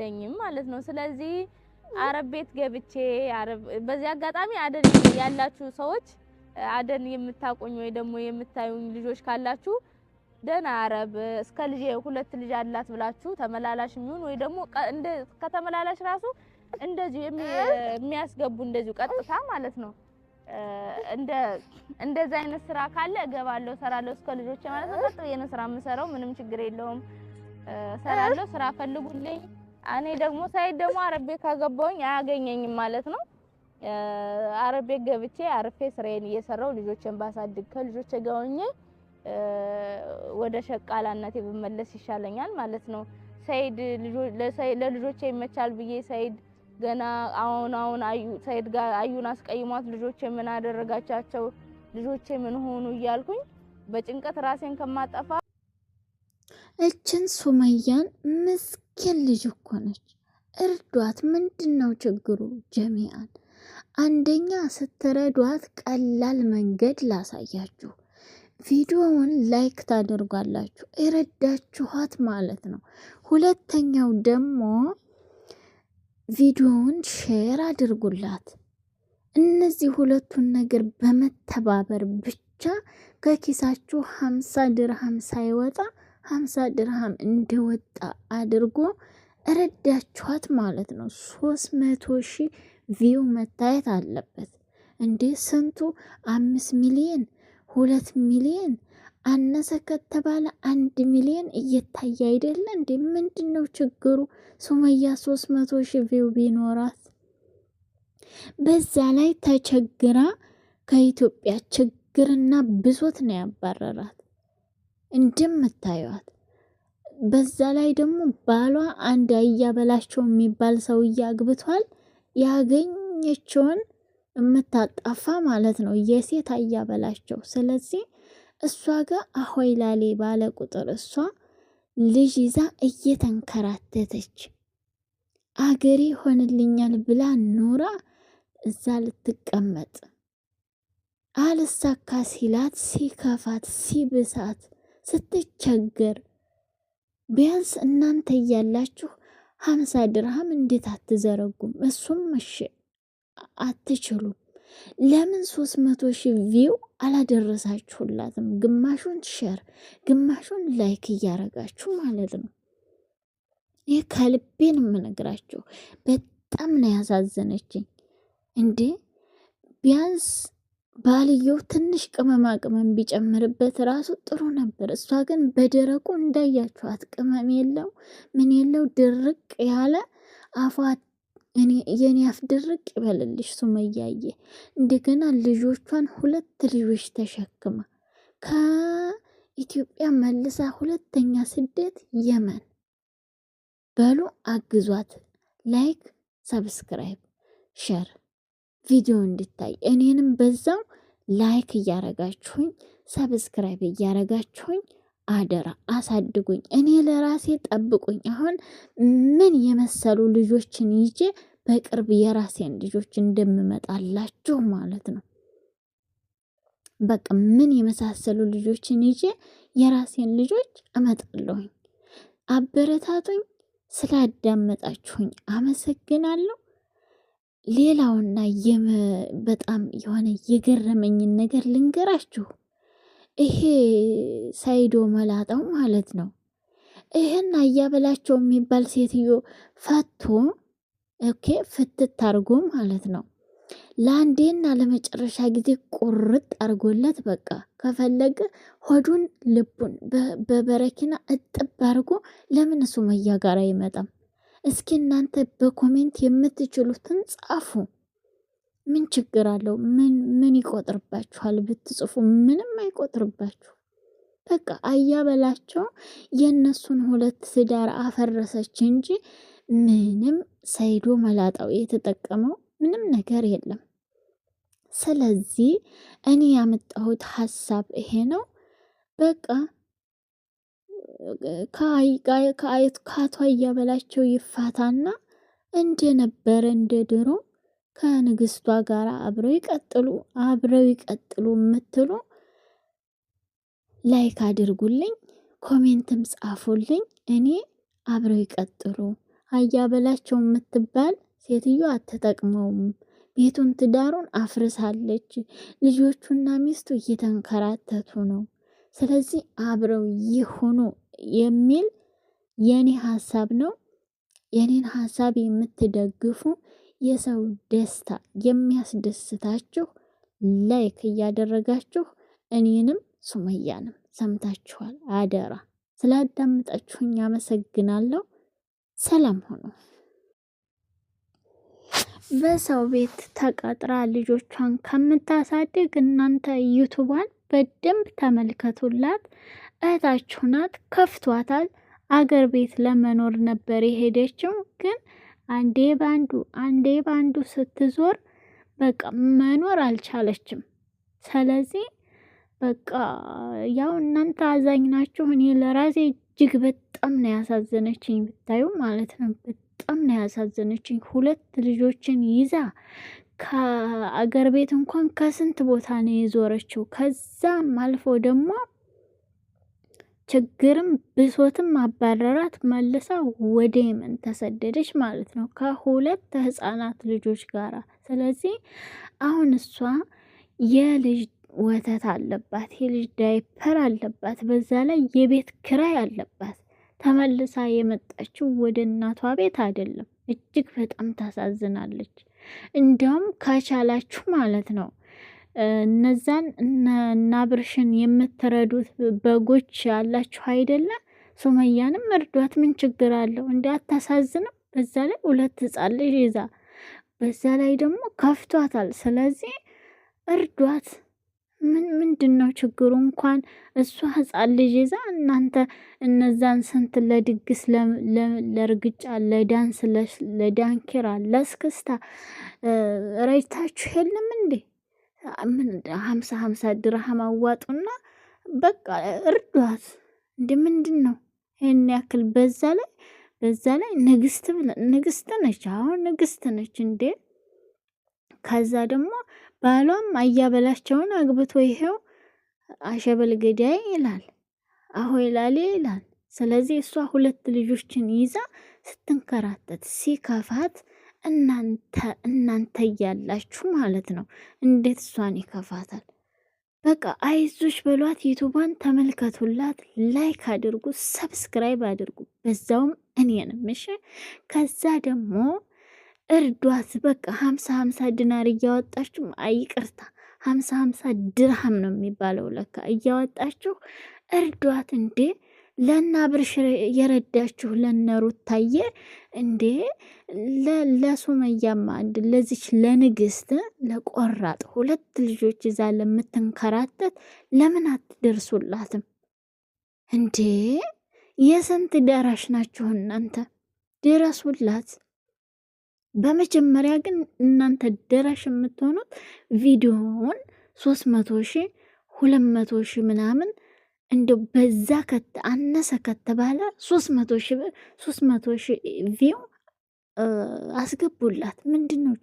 ለኝም ማለት ነው። ስለዚህ አረብ ቤት ገብቼ አረብ በዚህ አጋጣሚ አደን ያላችሁ ሰዎች አደን የምታቆኝ ወይ ደግሞ የምታዩኝ ልጆች ካላችሁ ደህና አረብ እስከ ልጅ ሁለት ልጅ አላት ብላችሁ ተመላላሽ የሚሆን ወይ ደግሞ እንደ ከተመላላሽ ራሱ እንደዚሁ የሚያስገቡ እንደዚሁ ቀጥታ ማለት ነው። እንደ እንደዛ አይነት ስራ ካለ እገባለሁ፣ እሰራለሁ እስከ ልጆች ማለት ነው። ቀጥ የነ ስራ የምሰራው ምንም ችግር የለውም። እሰራለሁ፣ ስራ ፈልጉልኝ። እኔ ደግሞ ሳይድ ደግሞ አረቤ ካገባውኝ አያገኘኝም ማለት ነው። አረቤ ገብቼ አርፌ ስራዬን እየሰራው ልጆችን ባሳድግ ከልጆቼ ጋር ሆኜ ወደ ሸቃላነቴ ብመለስ ይሻለኛል ማለት ነው። ሳይድ ለልጆቼ ይመቻል ብዬ ሳይድ ገና አሁን አሁን አዩ ሳይድ ጋር አዩን አስቀይሟት ልጆቼ ምን አደረጋቻቸው ልጆቼ ምን ሆኑ እያልኩኝ በጭንቀት ራሴን ከማጠፋ እችን ሱመያን ምስ ምስኪን ልጅ እኮ ነች። እርዷት። ምንድን ነው ችግሩ? ጀሚያን አንደኛ ስትረዷት ቀላል መንገድ ላሳያችሁ። ቪዲዮውን ላይክ ታደርጓላችሁ፣ የረዳችኋት ማለት ነው። ሁለተኛው ደግሞ ቪዲዮውን ሼር አድርጉላት። እነዚህ ሁለቱን ነገር በመተባበር ብቻ ከኪሳችሁ ሀምሳ ድርሃም ሳይወጣ ሀምሳ ድርሃም እንደወጣ አድርጎ ረዳችኋት ማለት ነው። ሶስት መቶ ሺህ ቪው መታየት አለበት እንዴ! ስንቱ አምስት ሚሊየን ሁለት ሚሊዮን አነሰ ከተባለ አንድ ሚሊዮን እየታየ አይደለ እንዴ? ምንድን ነው ችግሩ? ሱመያ ሶስት መቶ ሺ ቪው ቢኖራት በዛ ላይ ተቸግራ ከኢትዮጵያ ችግርና ብሶት ነው ያባረራት። እንደምታዩት። በዛ ላይ ደግሞ ባሏ አንድ አያበላቸው የሚባል ሰውዬ አግብቷል። ያገኘችውን የምታጣፋ ማለት ነው፣ የሴት አያበላቸው። ስለዚህ እሷ ጋር አሆይ ላሌ ባለ ቁጥር እሷ ልጅ ይዛ እየተንከራተተች አገሬ ሆንልኛል ብላ ኖራ እዛ ልትቀመጥ አልሳካ ሲላት ሲከፋት ሲብሳት ስትቸገር ቢያንስ እናንተ እያላችሁ ሀምሳ ድርሃም እንዴት አትዘረጉም? እሱም እሺ አትችሉም። ለምን ሶስት መቶ ሺ ቪው አላደረሳችሁላትም? ግማሹን ሸር ግማሹን ላይክ እያረጋችሁ ማለት ነው። ይህ ከልቤን የምነግራችሁ በጣም ነው ያሳዘነችኝ እንዴ ቢያንስ ባልየው ትንሽ ቅመማ ቅመም ቢጨምርበት ራሱ ጥሩ ነበር። እሷ ግን በደረቁ እንዳያችኋት ቅመም የለው ምን የለው ድርቅ ያለ አፏ የኔ አፍ ድርቅ ይበልልሽ። ሱመያዬ እንደገና ልጆቿን ሁለት ልጆች ተሸክማ ከኢትዮጵያ መልሳ ሁለተኛ ስደት የመን በሉ አግዟት። ላይክ፣ ሰብስክራይብ፣ ሸር ቪዲዮ እንዲታይ እኔንም በዛው ላይክ እያረጋችሁኝ ሰብስክራይብ እያረጋችሁኝ አደራ አሳድጉኝ። እኔ ለራሴ ጠብቁኝ። አሁን ምን የመሰሉ ልጆችን ይዤ በቅርብ የራሴን ልጆች እንደምመጣላችሁ ማለት ነው። በቃ ምን የመሳሰሉ ልጆችን ይዤ የራሴን ልጆች እመጣለሁኝ። አበረታቱኝ። ስላዳመጣችሁኝ አመሰግናለሁ። ሌላውና በጣም የሆነ የገረመኝን ነገር ልንገራችሁ። ይሄ ሳይዶ መላጣው ማለት ነው። ይህን አያበላቸው የሚባል ሴትዮ ፈቶ ኦኬ ፍትት አርጎ ማለት ነው ለአንዴና ለመጨረሻ ጊዜ ቁርጥ አርጎለት በቃ ከፈለገ ሆዱን ልቡን በበረኪና እጥብ አርጎ ለምን ሱመያ ጋር አይመጣም? እስኪ እናንተ በኮሜንት የምትችሉትን ጻፉ። ምን ችግር አለው? ምን ምን ይቆጥርባችኋል? ብትጽፉ ምንም አይቆጥርባችሁ። በቃ አያበላቸው የእነሱን ሁለት ትዳር አፈረሰች እንጂ ምንም ሰይዶ መላጣው የተጠቀመው ምንም ነገር የለም። ስለዚህ እኔ ያመጣሁት ሀሳብ ይሄ ነው። በቃ ከአየት ከአቶ እያበላቸው ይፋታና እንደነበረ እንደ ድሮ ከንግስቷ ጋር አብረው ይቀጥሉ አብረው ይቀጥሉ የምትሉ ላይክ አድርጉልኝ፣ ኮሜንትም ጻፉልኝ። እኔ አብረው ይቀጥሉ አያበላቸው የምትባል ሴትዮ አትጠቅመውም። ቤቱን ትዳሩን አፍርሳለች። ልጆቹና ሚስቱ እየተንከራተቱ ነው። ስለዚህ አብረው ይሁኑ። የሚል የኔ ሀሳብ ነው። የኔን ሀሳብ የምትደግፉ የሰው ደስታ የሚያስደስታችሁ ላይክ እያደረጋችሁ እኔንም ሱመያንም ሰምታችኋል። አደራ ስላዳምጣችሁኝ አመሰግናለሁ። ሰላም ሆኖ በሰው ቤት ተቀጥራ ልጆቿን ከምታሳድግ እናንተ ዩቱቧን በደንብ ተመልከቱላት። እህታችሁ ናት፣ ከፍቷታል። አገር ቤት ለመኖር ነበር የሄደችው። ግን አንዴ ባንዱ አንዴ ባንዱ ስትዞር በቃ መኖር አልቻለችም። ስለዚህ በቃ ያው እናንተ አዛኝ ናችሁ። እኔ ለራሴ እጅግ በጣም ነው ያሳዘነችኝ ብታዩ ማለት ነው። በጣም ነው ያሳዘነችኝ። ሁለት ልጆችን ይዛ ከአገር ቤት እንኳን ከስንት ቦታ ነው የዞረችው። ከዛም አልፎ ደግሞ ችግርም ብሶትም አባረራት። መልሳ ወደ የመን ተሰደደች ማለት ነው ከሁለት ሕፃናት ልጆች ጋራ። ስለዚህ አሁን እሷ የልጅ ወተት አለባት፣ የልጅ ዳይፐር አለባት፣ በዛ ላይ የቤት ክራይ አለባት። ተመልሳ የመጣችው ወደ እናቷ ቤት አይደለም። እጅግ በጣም ታሳዝናለች። እንዲያውም ከቻላችሁ ማለት ነው እነዛን እና ብርሽን የምትረዱት በጎች ያላችሁ አይደለም፣ ሱመያንም እርዷት። ምን ችግር አለው? እንዲ አታሳዝንም? በዛ ላይ ሁለት ሕፃን ልጅ ይዛ፣ በዛ ላይ ደግሞ ከፍቷታል። ስለዚህ እርዷት። ምን ምንድን ነው ችግሩ? እንኳን እሷ ህፃን ልጅ ይዛ እናንተ እነዛን ስንት ለድግስ፣ ለእርግጫ ለዳንስ፣ ለዳንኪራ፣ ለስክስታ ረጅታችሁ የለም እንዴ? ሀምሳ ሀምሳ ድርሃም አዋጡና በቃ እርዷት። እንደ ምንድን ነው ይህን ያክል? በዛ ላይ በዛ ላይ ንግስት ንግስት ነች። አሁን ንግስት ነች እንዴ? ከዛ ደግሞ ባሏም አያበላቸውን አግብቶ ይሄው አሸበል ገዳይ ይላል፣ አሆይ ላሌ ይላል። ስለዚህ እሷ ሁለት ልጆችን ይዛ ስትንከራተት ሲከፋት እናንተ እናንተ እያላችሁ ማለት ነው። እንዴት እሷን ይከፋታል? በቃ አይዞች በሏት። ዩቱቧን ተመልከቱላት፣ ላይክ አድርጉ፣ ሰብስክራይብ አድርጉ። በዛውም እኔንም እሺ። ከዛ ደግሞ እርዷት በቃ ሀምሳ ሀምሳ ዲናር እያወጣችሁ አይቅርታ ሀምሳ ሀምሳ ድርሃም ነው የሚባለው ለካ እያወጣችሁ እርዷት እንዴ ለና ብርሽ የረዳችሁ ለነሩ ታየ እንዴ ለሱመያማ ለዚች ለንግስት ለቆራጥ ሁለት ልጆች ይዛ ለምትንከራተት ለምን አትደርሱላትም እንዴ የስንት ደራሽ ናችሁ እናንተ ድረሱላት በመጀመሪያ ግን እናንተ ደራሽ የምትሆኑት ቪዲዮውን ሶስት መቶ ሺ ሁለት መቶ ሺ ምናምን እንደ በዛ ከተ አነሰ ከተባለ ሶስት መቶ ሺ ሶስት መቶ ሺ ቪው አስገቡላት ምንድን ነው